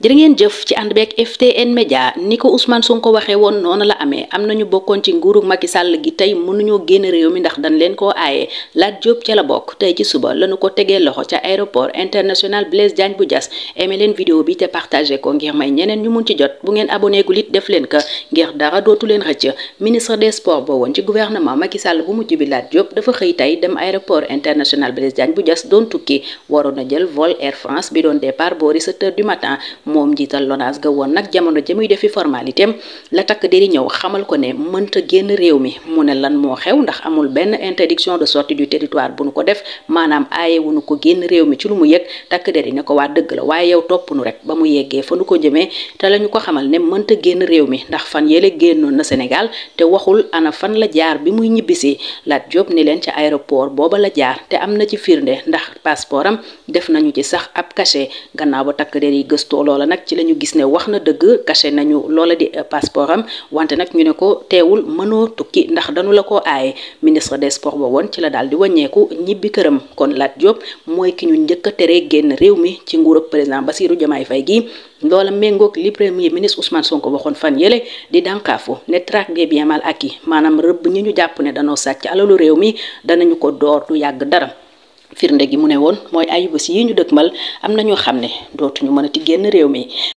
jërë ngeen jëf ci ànd beeg FTN Média ni ko Ousmane ko waxee woon noonu la amee am nañu bokkoon ci nguurug Macky Sall gi tey mënuñoo génn réew mi ndax dañ leen ko aaye Lat Diop ca la bokk tey ci suba lañu ko tegee loxo ca aéroport international Blaise Diagne bu jas aimé leen vidéo bi te partagé ko ngir may ñeneen ñu mun ci jot bu ngeen abonné gu lit def leen ka ngir dara dootu leen xëcc ministre des sports ba woon ci gouvernement Macky Sall bu mujj bi Lat dafa xëy tey dem aéroport international Blaise Diagne bu Diass doon tukki waroon a jël vol Air bi doon départ boori 7 heures du moom njiital LONASE ga woon nag jamono ja muy defi formalité am la takk yi ñëw xamal ko ne mënta génn réew mi mu ne lan moo xew ndax amul benn interdiction de sortie du territoire bu nu ko def maanaam aaye ko génn réew mi ci lu mu yëg takk yi ne ko waa dëgg la waaye yow topp nu rek ba mu yeggee fa ko jëmee te la ñu ko xamal ne mënta génn réew mi ndax fan yële génnoon na Sénégal te waxul ana fan la jaar bi muy ñibbisi Lat Diop ni leen ca aéroport booba la jaar te am na ci firnde ndax passeport am def nañu ci sax ab cachet gannaaw ba takk deri gëstoo loola nag ci la ñu gis ne wax na dëgg caché nañu loola di euh, passeport am wante nag ñu ne ko teewul mënoo tukki ndax dañu la ko aaye ministre des sports ba woon ci la daal di wàññeeku ñibbi këram kon laat Diop mooy ki ñu njëkk a teree génn réew mi ci nguurub président Bassirou Diomaye Faye gi loola méngoog li premier ministre Ousmane Sonko waxoon fan yële di dànkaafu ne traque bi biens ak acquis maanaam rëbb ñi ñu jàpp ne danoo sàcc alalu réew mi danañu ko door yàgg dara firnde gi mu ne woon mooy ayubés yi ñu dëkkmal am na ñoo xam ne dootuñu mënati génn réew mi